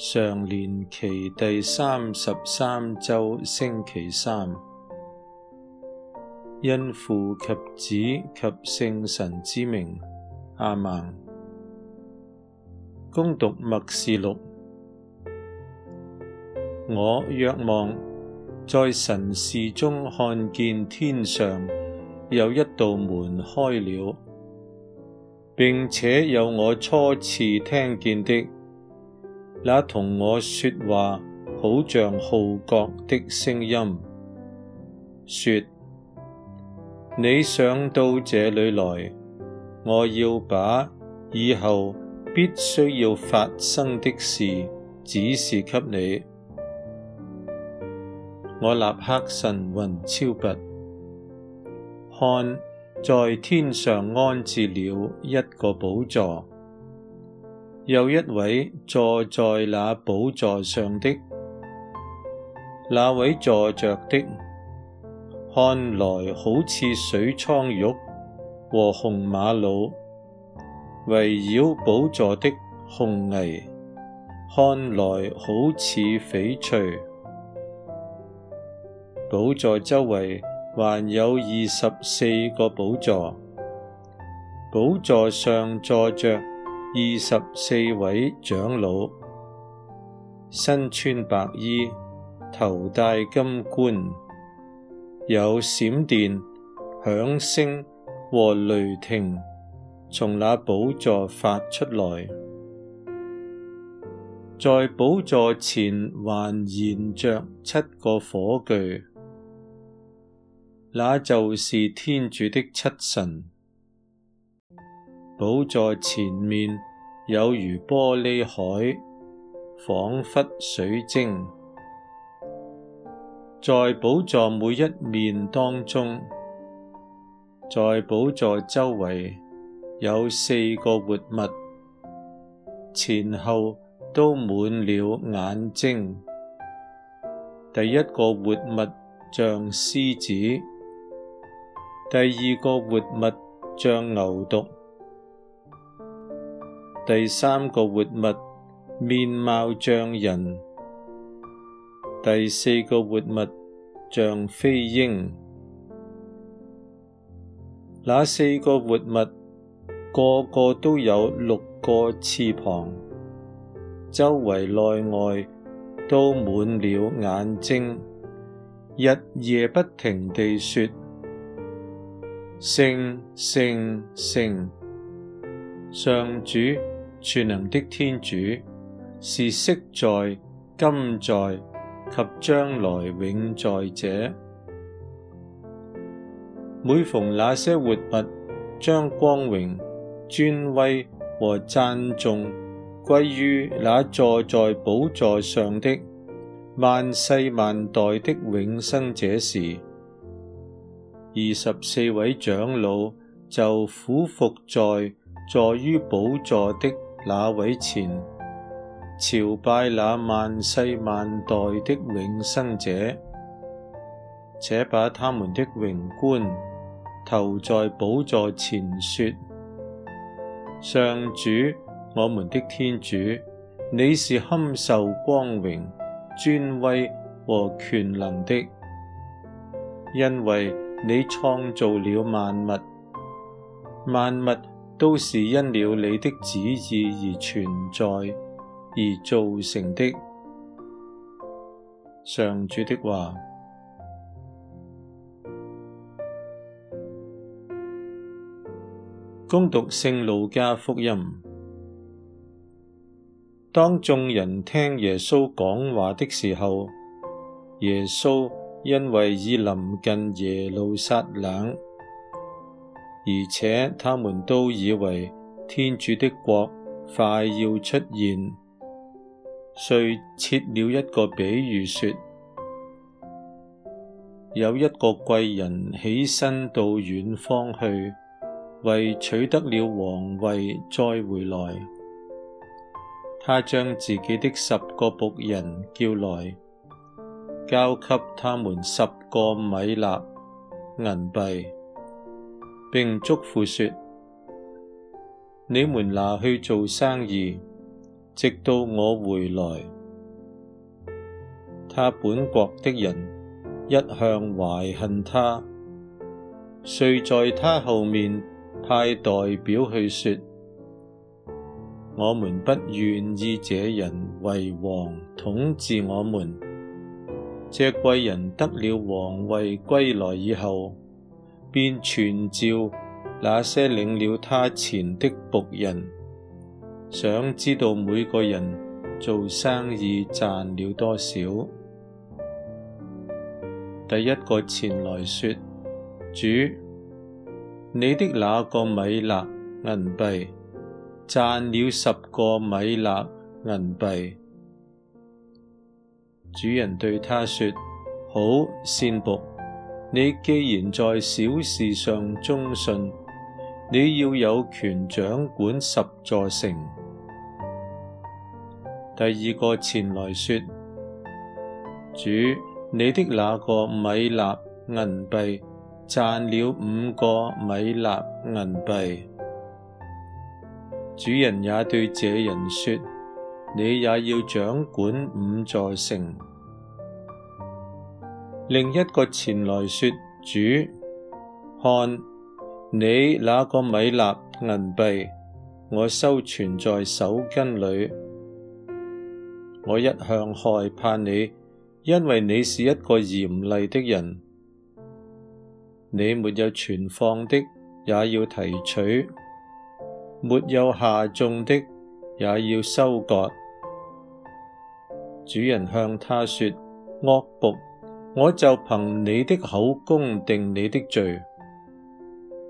常年期第三十三周星期三，因父及子及聖神之名，阿們。恭讀默示錄。我若望在神視中看見天上有一度門開了，並且有我初次聽見的。那同我說話，好像號角的聲音，說：你上到這裏來，我要把以後必須要發生的事指示給你。我立刻神魂超拔，看，在天上安置了一個寶座。有一位坐在那寶座上的，那位坐着的，看來好似水蒼玉和紅瑪瑙；圍繞寶座的虹霓，看來好似翡翠。寶座周圍還有二十四個寶座，寶座上坐着。二十四位長老身穿白衣，頭戴金冠，有閃電、響聲和雷霆從那寶座發出來，在寶座前還燃着七個火炬，那就是天主的七神。寶座前面有如玻璃海，仿佛水晶。在寶座每一面當中，在寶座周圍有四個活物，前後都滿了眼睛。第一個活物像獅子，第二個活物像牛犢。第三個活物面貌像人，第四個活物像飛鷹。那四個活物個個都有六個翅膀，周圍內外都滿了眼睛，日夜不停地說：聖！聖！聖！上主。全能的天主是昔在、今在及將來永在者。每逢那些活物將光榮、尊威和讚頌歸於那坐在寶座上的萬世萬代的永生者時，二十四位長老就俯伏在坐於寶座的。那位前，朝拜那萬世萬代的永生者，且把他們的榮冠投在寶座前，說：上主，我們的天主，你是堪受光榮、尊威和權能的，因為你創造了萬物，萬物。都是因了你的旨意而存在，而造成的。上主的話。恭讀聖路加福音。當眾人聽耶穌講話的時候，耶穌因為已臨近耶路撒冷。而且，他們都以為天主的國快要出現，遂設了一個比喻說：有一個貴人起身到遠方去，為取得了王位再回來，他將自己的十個僕人叫來，交給他們十個米納銀幣。並囑咐說：你們拿去做生意，直到我回來。他本國的人一向懷恨他，遂在他後面派代表去說：我們不願意這人為王統治我們。這貴人得了王位歸來以後。便傳召那些領了他錢的僕人，想知道每個人做生意賺了多少。第一個前來說：主，你的那個米納銀幣賺了十個米納銀幣。主人對他說：好，善僕。」你既然在小事上忠信，你要有權掌管十座城。第二個前來說：主，你的那個米納銀幣賺了五個米納銀幣。主人也對這人說：你也要掌管五座城。另一個前來説：主，看，你那個米納銀幣，我收存在手巾裏。我一向害怕你，因為你是一個嚴厲的人。你沒有存放的，也要提取，沒有下種的，也要收割。主人向他説：惡僕。我就憑你的口供定你的罪。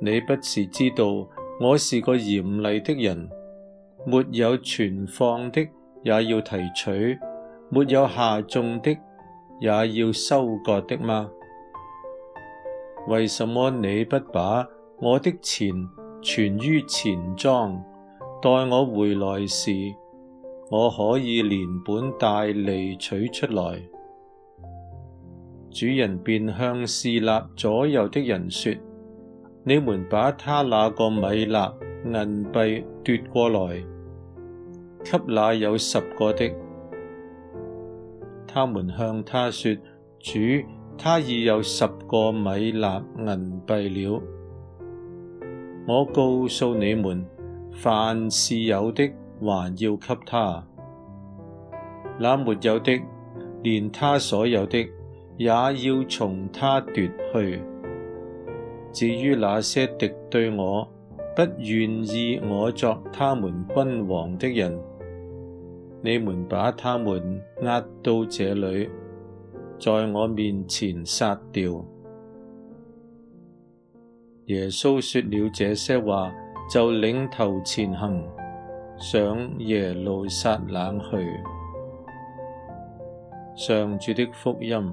你不是知道我是個嚴厲的人，沒有存放的也要提取，沒有下種的也要收割的嗎？為什麼你不把我的錢存於錢莊，待我回來時，我可以連本帶利取出來？主人便向侍立左右的人說：你們把他那個米納銀幣奪過來，給那有十個的。他們向他說：主，他已有十個米納銀幣了。我告訴你們，凡是有的，還要給他；那沒有的，連他所有的，也要從他奪去。至於那些敵對我，不願意我作他們君王的人，你們把他們押到這裏，在我面前殺掉。耶穌說了這些話，就領頭前行，上耶路撒冷去。上主的福音。